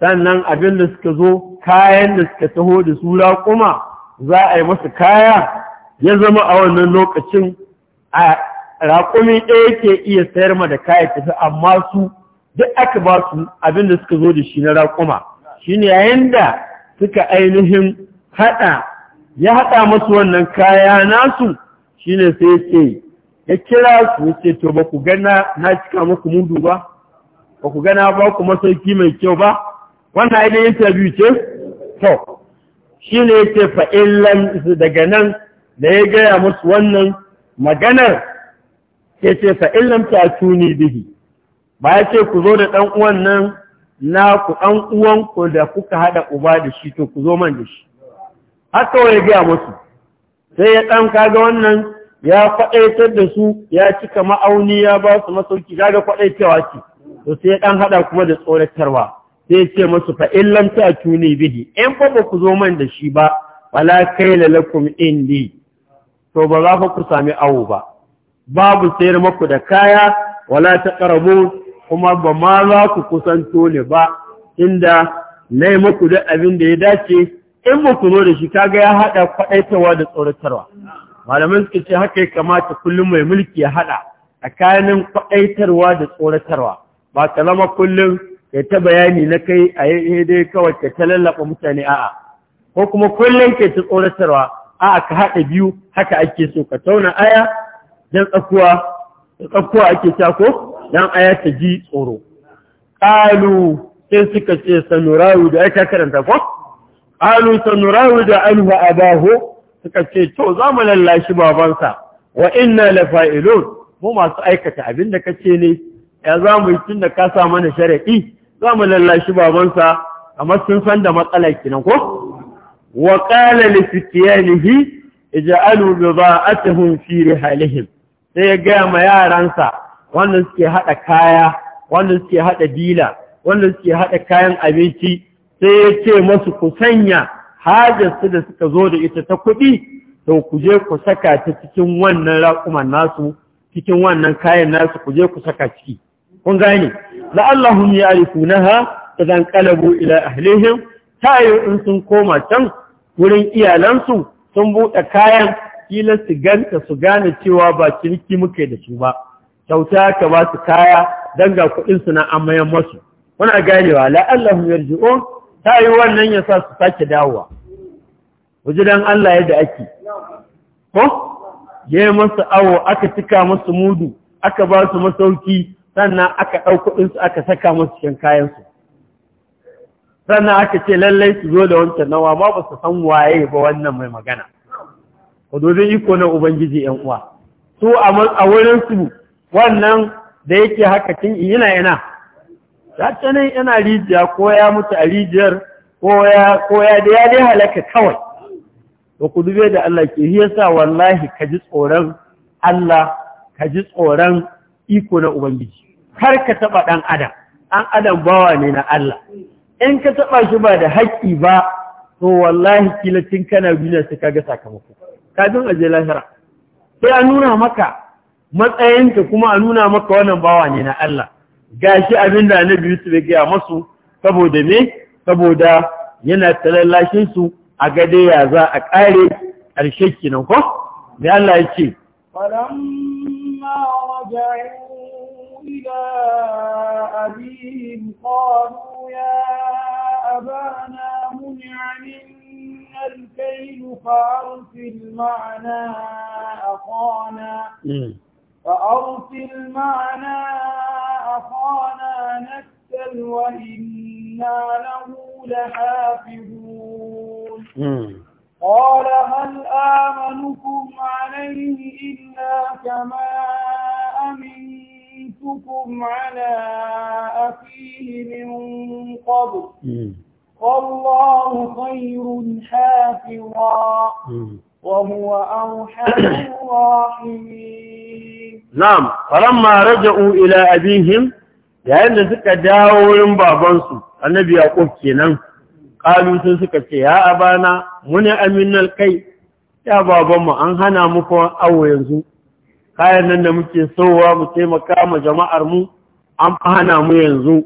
sannan abin da suka zo kayan da suka taho da su raƙuma za a yi masa kaya ya zama a wannan lokacin a raƙumi ɗaya ke iya sayar ma da kaya tafi amma su duk aka ba su abin da suka zo da shi na raƙuma shi ne yayin da suka ainihin haɗa ya haɗa masu wannan kaya nasu shi ne sai ce ya kira su ya ce to ba ku gana na cika muku mudu ba ba ku gana ba ku masauki mai kyau ba wannan ainihin interview ce to shi ne yake fa'illan daga nan da ya gaya musu wannan maganar ke ce fa'illan ta tuni bihi ba ya ce ku zo da ɗan uwan nan na ku ɗan uwanku da kuka haɗa uba da shi to ku zo man da shi haka ya gaya musu sai ya ɗan kaga wannan ya faɗaitar da su ya cika ma'auni ya ba su masauki ga kwaɗaitawa ce to ya ɗan haɗa kuma da tsoratarwa sai ce masu fa’in illam tuni bihi in fa ba ku zo man da shi ba wala kai lalakum indi to ba za ku sami awo ba babu sayar maku da kaya wala ta ƙarabo, kuma ba ma za ku kusanto ne ba inda nayi maku da abin da ya dace in ba ku zo da shi kaga ya haɗa kwaɗaitawa da tsoratarwa malaman suka ce haka ya kamata kullum mai mulki ya haɗa tsakanin kwaɗaitarwa da tsoratarwa ba ka zama kullum ya ta bayani na kai a yi eh dai kawai ka ta lallaba mutane a'a ko kuma kullum ke ta tsoratarwa a'a ka haɗa biyu haka ake so ka tauna aya don tsakuwa tsakuwa ake ta ko aya ta ji tsoro Ƙalu sai suka ce sanurawi da aka karanta ko Ƙalu, sanurawi da anhu abahu suka ce to za mu lallashi babansa wa inna lafa'ilun mu masu aikata abin da kace ne ya za mu yi tun da ka sa mana sharaɗi za mu lallashi babansa kamar sun san da matsalar kinan ko wa qala li fityanihi ij'alu bida'atuhum fi rihalihim sai ya gaya ma yaransa wanda suke hada kaya wanda suke haɗa dila wanda suke haɗa kayan abinci sai ya ce masu ku sanya su da suka zo da ita ta kuɗi to ku je ku saka ta cikin wannan raƙuman nasu cikin wannan kayan nasu ku je ku saka ciki kun gane la'allahum ya'rifunaha idan qalabu ila ahlihim tayo in sun koma can wurin iyalansu sun buɗe kayan kila su ganta su gane cewa ba ciniki muke da su ba kyauta ka ba su kaya dan ga kuɗin su na amayan masu wani ganewa la'allahum yarji'un tayo wannan yasa su sake dawowa wajen Allah yadda ake ko ya yi masa awo aka cika masu mudu aka ba su masauki sannan aka ɗau su aka saka masu shan kayansu sannan aka ce lallai su zo da wancan nawa ma ba su san waye ba wannan mai magana hudodin iko na ubangiji yan uwa su a wurin su wannan da yake haka tun yana yana ce nan yana rijiya ko ya mutu a rijiyar ko ya da ya dai halaka kawai to ku dube da Allah ke yasa wallahi ka ji tsoron Allah ka ji tsoron iko na Ubangiji, kar ka taɓa ɗan adam, an adam bawa ne na Allah, in ka taɓa shi ba da haƙƙi ba, to wallahi kilacin kana duniya sai kaga sakamako, kafin aje lahira. Sai a nuna maka matsayinka kuma a nuna maka wannan bawa ne na Allah, Ga gashi abin da na biyu su bai gaya masu saboda me, saboda yana talallashin su a gade ya za a ƙare ƙarshe kinan ko? Me Allah ya ce, رجعوا إلى أبيهم قالوا يا أبانا منع منا الكيل فأرسل معنا أخانا فأرسل معنا أخانا نكتل وإنا له لحافظون قال هل آمنكم عليه إلا كما أمنتكم على أخيه من قبل فالله خير حافظا وهو أرحم الراحمين نعم فلما رجعوا إلى أبيهم yayin da suka dawo wurin babansu annabi yaqub kenan kalu sun suka ce ya abana muni aminal kai ya babanmu an hana muku awo yanzu kayan nan da muke sowa mu taimaka ma jama'ar mu an hana mu yanzu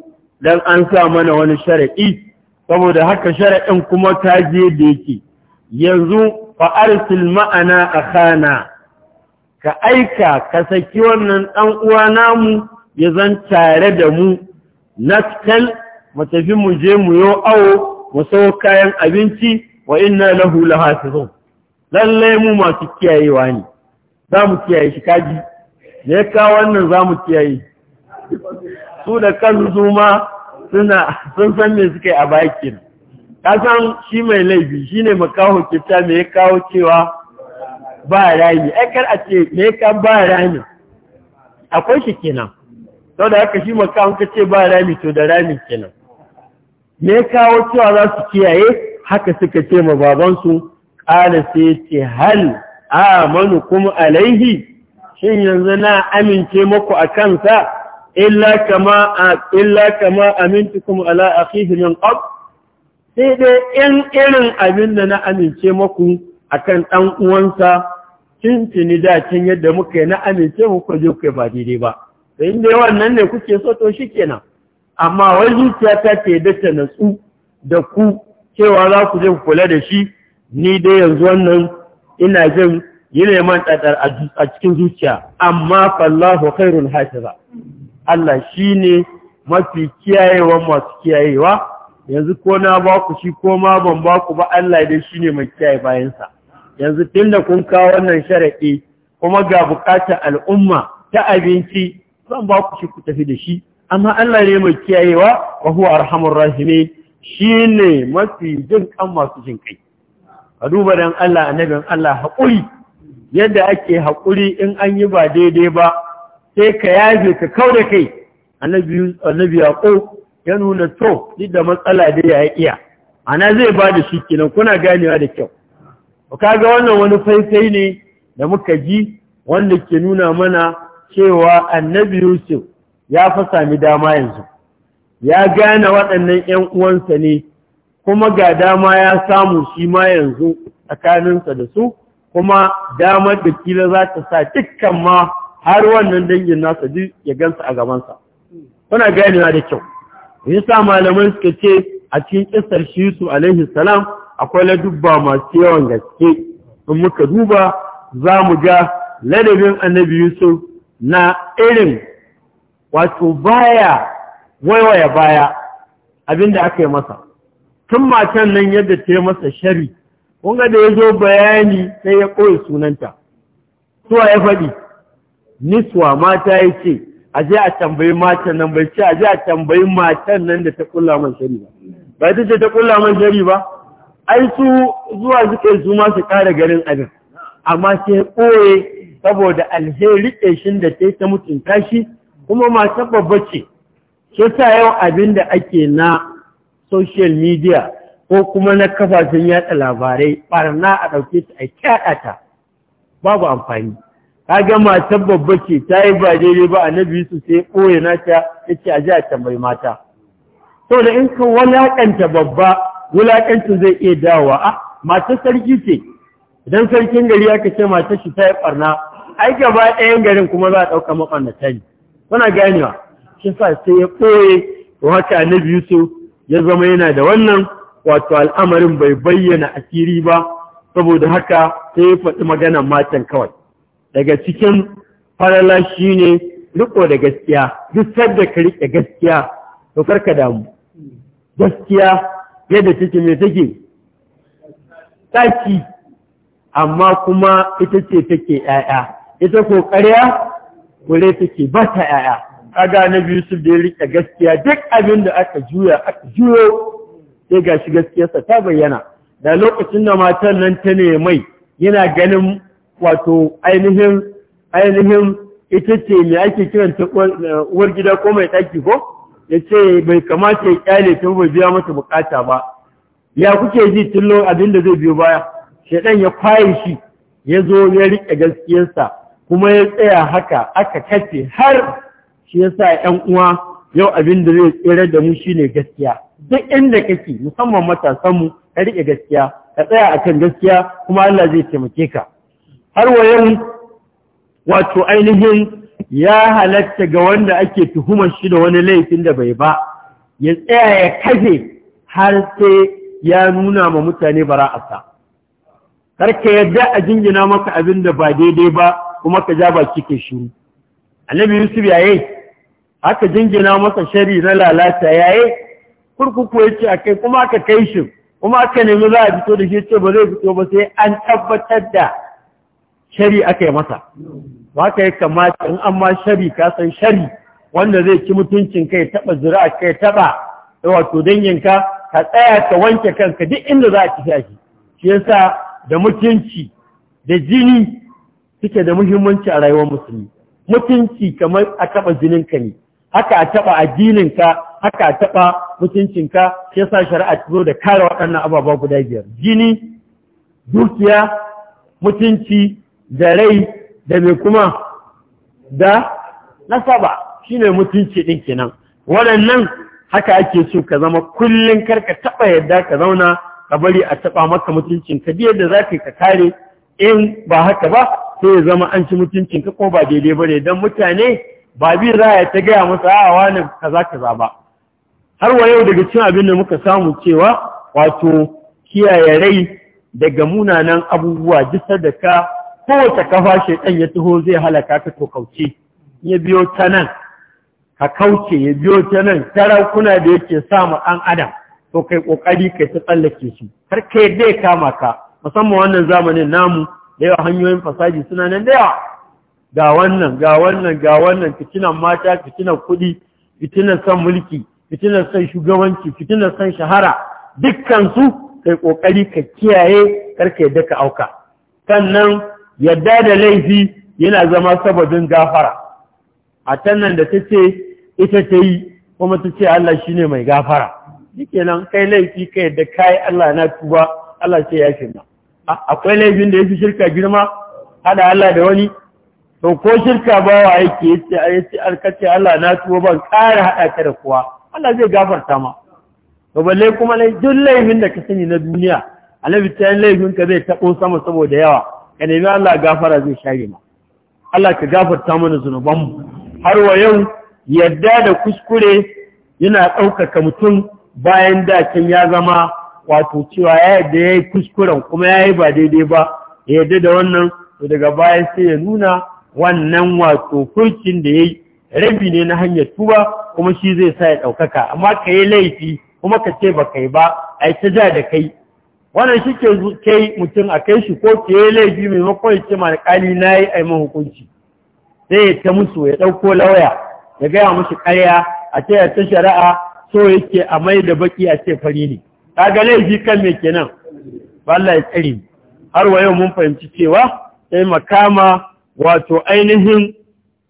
dan an sa mana wani sharadi saboda haka sharadin kuma ta je da yake yanzu fa arsil ma'ana akhana ka aika ka saki wannan dan uwa namu ya zan tare da mu naskal mu tafi mu je mu yo awo mu sau kayan abinci wa inna lahu lahafizun lallai mu masu kiyayewa ne za mu kiyaye shi kaji ne ya kawo wannan za mu kiyaye su da kan su ma suna sun san me suka yi a bakin ka san shi mai laifi shi ne makaho kyauta me ya kawo cewa ba rami ai kar a ce me ka ba rami akwai shi kenan sau da haka shi makaho ka ce ba rami to da rami kenan me kawo cewa za su kiyaye haka suka ce ma babansu ƙara sai ce hal amanu kuma alaihi shin yanzu na amince muku a kansa illa kama illa kama amintukum ala akhihi min qab sai dai in irin abin da na amince muku akan dan uwansa tuntuni da can yadda muka yi na amince muku je ku ba daidai ba da inda wannan ne kuke so to shikenan amma wai zuciya ta ke da ta da ku cewa za ku je ku kula da shi ni dai yanzu wannan ina jin yi man ɗaɗar a cikin zuciya amma fallahu khairul hafiza Allah shi ne mafi kiyayewa masu kiyayewa yanzu ko na ba ku shi ko ma ban ba ku ba Allah dai ne mai kiyaye bayansa yanzu da kun kawo wannan shara'i kuma ga bukatar al'umma ta abinci zan ba ku shi ku tafi da shi amma Allah ne mai kiyayewa wa huwa rahimi shi ne mafi jin kan masu jin kai a duba don Allah annabin Allah haƙuri yadda ake haƙuri in an yi ba daidai ba sai ka yaje ka kau da kai annabi yaƙo ya nuna to duk da matsala da ya iya ana zai ba da shi kenan kuna ganewa da kyau ka ga wannan wani faifai ne da muka ji wanda ke nuna mana cewa annabi yusuf ya fasa sami dama yanzu ya gane waɗannan ‘yan uwansa ne kuma ga dama ya samu shi ma yanzu tsakaninsa da su kuma damar da kila za ta sa dukkan ma har wannan dangin nasa duk ya gansa a gabansa kuna na da kyau sa malaman suka ce a cikin kisar su alaihi salam akwai ladubba masu yawan gaske in muka duba za mu ga ladabin annabi yusuf na irin wato baya waiwaya baya abinda aka yi masa tun matan nan yadda ta yi masa shari kunga da ya zo bayani sai ya koyi sunanta suwa ya faɗi niswa mata ya ce a je a tambayi matan nan bai ce a je a tambayi matan nan da ta ƙulla man shari ba ba ita ce ta ƙulla man shari ba ai su zuwa suke su ma su kare garin abin amma sai ƙoye saboda alheri ƙeshin da ta yi ta mutunta shi kuma masu babba ce shi sa yau abin da ake na social media ko kuma na kafafen yada labarai barna a ɗauke ta a kyaɗata babu amfani kaga matar babba ce ta yi ba daidai ba annabi su sai ɓoye nata ya ce a ji a tambayi mata da in ka wulaƙanta babba wulaƙanta zai iya dawowa a ah, matar sarki ce idan sarkin gari aka ce matar shi ta yi ɓarna ai gaba ɗayan garin kuma za a ɗauka maɓarnata ne kuna ganewa shi sa sai ya ɓoye to haka annabi su. ya zama yana da wannan wato al'amarin bai bayyana asiri ba saboda haka sai ya faɗi magana matan kawai daga cikin farala shi ne riko da gaskiya duk da ka riƙe gaskiya to karka damu gaskiya yadda take mai take tsaki amma kuma ita ce take ‘ya'ya, ita ko ƙarya wale take ba ta ‘ya'ya, kaga biyu su da ya rike gaskiya duk abin da aka juya aka juyo sai gashi gaskiyarsa ta bayyana da lokacin da matan nan ta ne mai yana ganin wato ainihin ainihin ita ce mai ake kiranta uwar gida ko mai ɗaki ko ya ce bai kamata ya kyale ta ba biya mata bukata ba ya kuke ji tullo abin da zai biyo baya shaidan ya kwaye shi ya zo ya riƙe gaskiyarsa kuma ya tsaya haka aka kace har shi yasa 'yan uwa yau abin da zai tsere da mu shine gaskiya duk inda kake musamman matasanmu mu ka riƙe gaskiya ka tsaya a kan gaskiya kuma Allah zai taimake ka har wa yau wato ainihin ya halatta ga wanda ake tuhumar shi da wani laifin da bai ba ya tsaya ya kaje har sai ya nuna ma mutane bara'asa. Kar ka yadda a jingina maka abin da ba daidai ba kuma ka ja baki ke shiru annabi yusuf yayi aka jingina masa shari na lalata yayi kurkuku ya ce akai kuma aka kai shi kuma aka nemi za a fito da shi ce ba zai fito ba sai an tabbatar da shari aka yi masa ba ka yi kamata in an ma shari ka san shari wanda zai ci mutuncin kai taba zira kai taba wato danginka ka tsaya ka wanke kanka duk inda za a ci shi shi yasa da mutunci da jini suke da muhimmanci a rayuwar musulmi mutunci kamar a taba jininka ne haka a taɓa addininka haka a taɓa mutuncinka ke sa shari'a ta da kare waɗannan ababa guda biyar jini dukiya mutunci da rai da mai kuma da nasaba shine mutunci ɗin kenan waɗannan haka ake so ka zama kullum kar ka taɓa yadda ka zauna ka bari a taɓa maka mutuncinka biyar da za ka kare in ba haka ba sai ya zama an ci mutuncinka ko ba daidai ba ne don mutane ba bi za a yi ta gaya masa a ka kaza kaza ba har wa yau daga cin abin da muka samu cewa wato kiyaye rai daga munanan abubuwa jisar da ka kowace kafa shekan ya taho zai halaka ka to kauce ya biyo ta nan ka kauce ya biyo ta nan sarakuna da yake samu an adam to kai kokari kai ta tsallake shi har kai dai kama ka musamman wannan zamanin namu da yawa hanyoyin fasaji suna nan da yawa ga wannan ga wannan ga wannan fitinan mata fitinan kuɗi fitinan san mulki fitinan san shugabanci fitinan san shahara dukkan su kai kokari ka kiyaye karka yadda ka auka sannan yadda da laifi yana zama sababin gafara a tannan da ta ce ita ta yi kuma ta ce Allah shi ne mai gafara duke kai laifi kai da kayi Allah na tuba Allah ce ya shirna akwai laifin da ya fi shirka girma hada Allah da wani to ko shirka ba wa aiki yace yace alkace Allah na tuwo ban ƙara haɗa ka da kowa Allah zai gafarta ma to balle kuma lai duk laifin da ka sani na duniya annabi ta yin laifin ka zai taɓo sama saboda yawa ka nemi Allah gafara zai share ma Allah ka gafarta mana zunuban mu har wa yau yadda da kuskure yana ɗaukaka mutum bayan dakin ya zama wato cewa ya yadda ya yi kuskuren kuma ya yi ba daidai ba ya yadda da wannan to daga baya sai ya nuna wannan wato kurkin da yayi rabi ne na hanyar tuba kuma shi zai sa ya ɗaukaka amma ka yi laifi kuma ka ce ba kai ba a ta ja da kai wannan shi ke kai mutum a kai shi ko ka yi laifi mai ya ce mana ƙali na yi a hukunci sai ya ta musu ya ɗauko lauya ya gaya musu ƙarya a ce ya ta shari'a so yake a mai da baki a ce fari ne ga laifi kan me kenan ba Allah ya tsare har wa mun fahimci cewa sai makama wato ainihin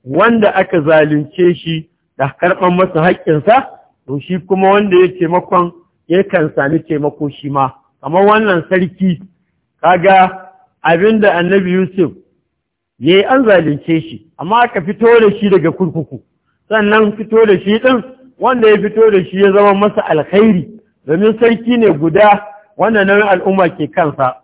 wanda aka zalunce shi da karɓar masa haƙƙinsa to shi kuma wanda ya taimakon ya kan sami taimako shi ma kamar wannan sarki kaga abinda annabi yusuf ya yi an zalunce shi amma aka fito da shi daga kurkuku sannan fito da shi ɗin wanda ya fito da shi ya zama masa alkhairi domin sarki ne guda wannan nauyin al'umma ke kansa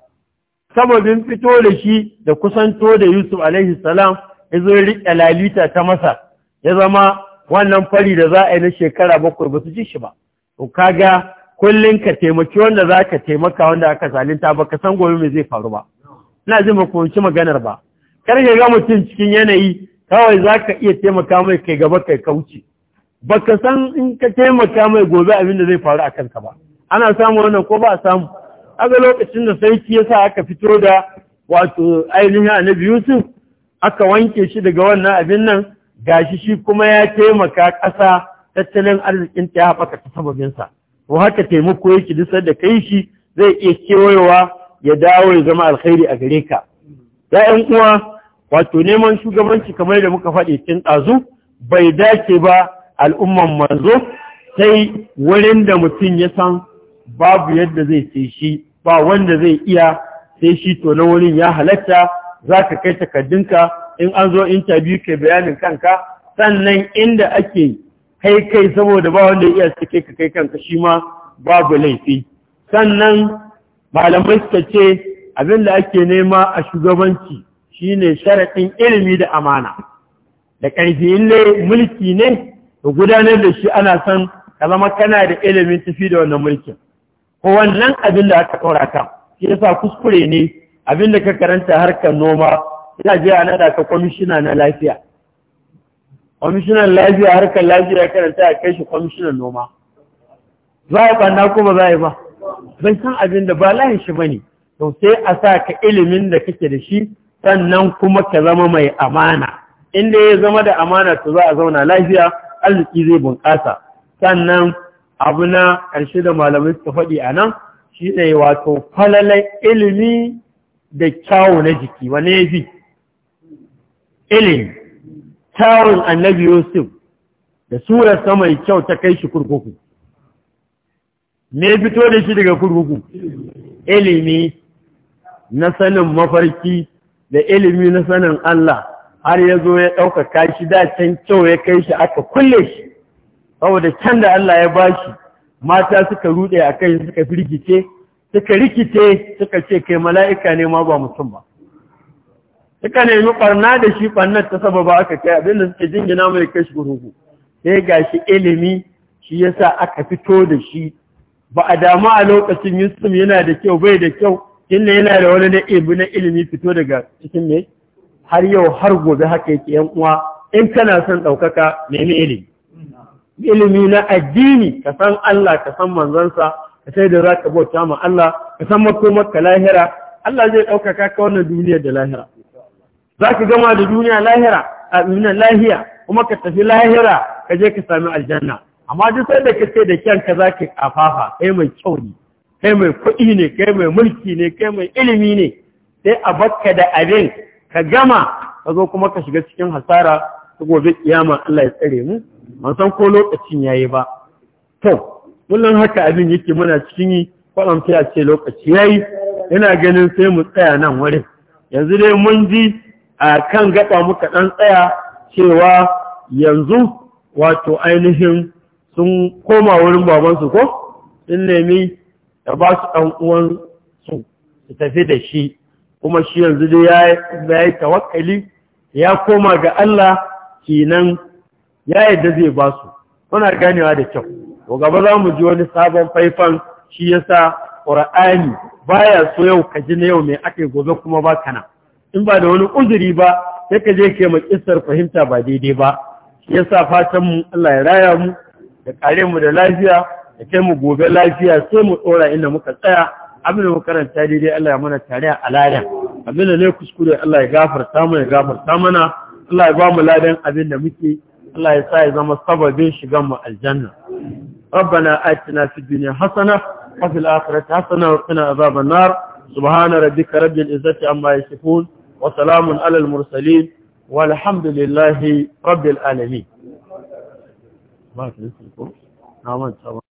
sababin fito da shi da kusanto da Yusuf alaihi salam ya zo riƙe lalita ta masa ya zama wannan fari da za a yi na shekara bakwai ba su ji shi ba to kaga kullum ka taimaki wanda za ka taimaka wanda aka zalinta ba ka san gobe mai zai faru ba ina ji makonci maganar ba kar ka ga mutum cikin yanayi kawai za ka iya taimaka mai kai gaba kai kauce ba ka san in ka taimaka mai gobe abin da zai faru a kanka ba ana samun wannan ko ba a samu aga lokacin da sarki ya sa aka fito da wato ainihin annabi Yusuf aka wanke shi daga wannan abin nan gashi shi kuma ya taimaka ƙasa tattalin arzikin ta ya haɓaka ta sababinsa haka taimako yake duk da kai shi zai iya kewayewa ya dawo ya zama alkhairi a gare ka ya'yan uwa wato neman shugabanci kamar da muka faɗi cikin ɗazu bai dace ba al'umman manzo sai wurin da mutum ya san babu yadda zai ce shi ba wanda zai iya sai shi to na wurin ya halatta za ka kai takaddunka in an zo interview ka bayanin kanka sannan inda ake kai kai saboda ba wanda iya suke ka kai kanka shi ma babu laifi sannan malamai suka ce abin da ake nema a shugabanci shine sharaɗin ilimi da amana da ƙarfi in ne mulki ne da gudanar da shi ana son ka zama kana da ilimin tafi da wannan mulkin wannan abin da aka ɗora ka shi yasa kuskure ne abin da ka karanta harkar noma ina jiya a nada ka kwamishina na lafiya kwamishinan lafiya harkar lafiya karanta a kai shi kwamishinan noma za a ɓanna kuma za a yi ba ban san abin da ba layin shi ba ne to sai a sa ka ilimin da kake da shi sannan kuma ka zama mai amana inda ya zama da amana to za a zauna lafiya arziki zai bunƙasa sannan abu na ƙarshe da malamai suka faɗi a nan shi ne wato falalai ilimi da kyawu na jiki wane ya fi ilimi kyawun annabi yusuf da surarsa mai kyau ta kai shi kurkuku ne fito da shi daga kurkuku ilimi na sanin mafarki da ilimi na sanin Allah har ya zo ya ɗaukaka shi da can kyau ya kai shi aka kulle shi saboda can da Allah ya bashi mata suka rude a kai suka firgice suka rikice suka ce kai mala'ika ne ma ba mutum ba suka nemi ɓarna da shi ɓarnar ta sababa aka kai abinda suke jingina mai kashi gurugu sai ga shi ilimi shi ya sa aka fito da shi ba a dama a lokacin yusuf yana da kyau bai da kyau inda yana da wani na ilimi na ilimi fito daga cikin mai har yau har gobe haka yake yan uwa in kana son ɗaukaka nemi ilimi ilimi na addini ka san Allah ka san manzansa ka sai da za ka bauta ma Allah ka san makomar ka lahira Allah zai ɗaukaka ka wannan duniya da lahira za ka gama da duniya lahira a duniya lahiya kuma ka tafi lahira ka je ka sami aljanna amma duk sai da kace da kyan ka ka kafafa kai mai kyau ne kai mai kuɗi ne kai mai mulki ne kai mai ilimi ne sai a bakka da abin ka gama ka zo kuma ka shiga cikin hasara ta gobe kiyama Allah ya tsare mu ban san ko lokacin yayi ba to kullum haka abin yake muna cikin yi kwalamta ce lokaci yayi ina ganin sai mu tsaya nan wurin yanzu dai mun ji a kan gaba muka ɗan tsaya cewa yanzu wato ainihin sun koma wurin babansu ko sun nemi da ba su ɗan uwan su su tafi da shi kuma shi yanzu dai ya yi tawakkali ya koma ga Allah kinan ya yadda zai ba su muna ganewa da kyau to gaba za mu ji wani sabon faifan shi ya sa ƙura'ani qur'ani ya so yau ka ji na yau mai aka gobe kuma ba na. in ba da wani uzuri ba sai ka je ke ma fahimta ba daidai ba shi sa fatan mu Allah ya raya mu da kare mu da lafiya da kai mu gobe lafiya sai mu tsora inda muka tsaya abin da makaranta daidai Allah ya mana tare a ladan abin da ne kuskure Allah ya gafarta mana ya gafarta mana Allah ya ba mu ladan abin da muke Allah ya sa ya zama sababin shigan mu aljanna rabbana atina fid dunya hasana wa fil akhirati hasana wa qina adhaban nar subhana rabbika rabbil izzati amma yasifun wa salamun alal mursalin walhamdulillahi rabbil alamin ba ko na manta